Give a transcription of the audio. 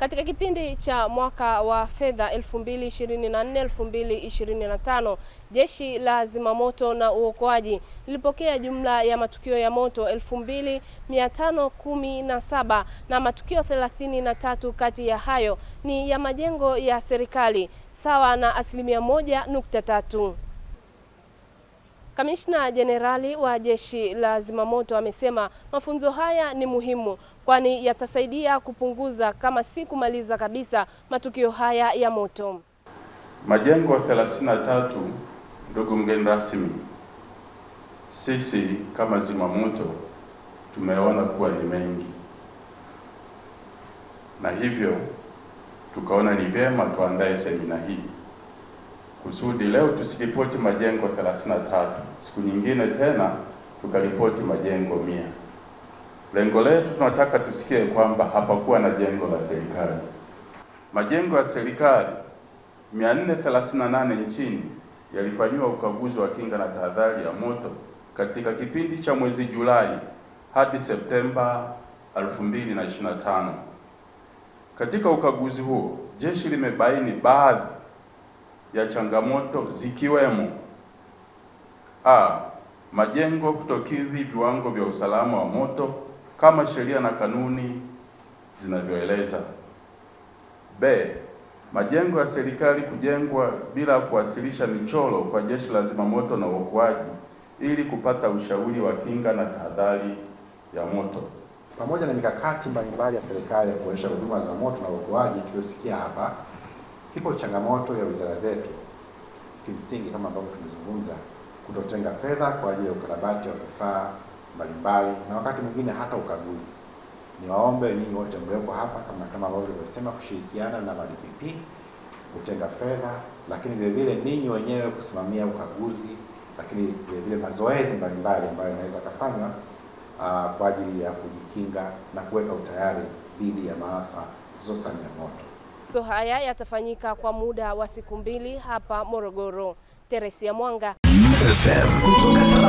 Katika kipindi cha mwaka wa fedha 2024 2025, Jeshi la Zimamoto na Uokoaji lilipokea jumla ya matukio ya moto 2517 na matukio 33 kati ya hayo ni ya majengo ya serikali sawa na asilimia 1.3. Kamishna Jenerali wa Jeshi la Zimamoto amesema mafunzo haya ni muhimu kwani yatasaidia kupunguza kama si kumaliza kabisa matukio haya ya moto. Majengo 33, ndugu mgeni rasmi, sisi kama zimamoto tumeona kuwa ni mengi, na hivyo tukaona ni vyema tuandae semina hii kusudi leo tusiripoti majengo 33 siku nyingine tena tukaripoti majengo mia. Lengo letu tunataka tusikie kwamba hapakuwa na jengo la serikali. Majengo ya serikali 438 nchini yalifanyiwa ukaguzi wa kinga na tahadhari ya moto katika kipindi cha mwezi Julai hadi Septemba 2025. Katika ukaguzi huo, jeshi limebaini baadhi ya changamoto zikiwemo a, majengo kutokidhi viwango vya usalama wa moto kama sheria na kanuni zinavyoeleza; b, majengo ya serikali kujengwa bila kuwasilisha michoro kwa Jeshi la Zimamoto na Uokoaji ili kupata ushauri wa kinga na tahadhari ya moto pamoja na mikakati mbalimbali ya serikali ya kuboresha huduma za moto na uokoaji tuliosikia hapa kipo changamoto ya wizara zetu kimsingi, kama ambavyo tumezungumza, kutotenga fedha kwa ajili ya ukarabati wa vifaa mbalimbali na wakati mwingine hata ukaguzi. Niwaombe ninyi wote mlioko hapa, kama kama ambavyo tulivyosema, kushirikiana na MADPP kutenga fedha, lakini vile vile ninyi wenyewe kusimamia ukaguzi, lakini vile vile mazoezi mbalimbali ambayo yanaweza kafanywa uh, ah, kwa ajili ya kujikinga na kuweka utayari dhidi ya maafa zosa moto. Mafunzo haya yatafanyika kwa muda wa siku mbili hapa Morogoro. Teresia Mwanga FM.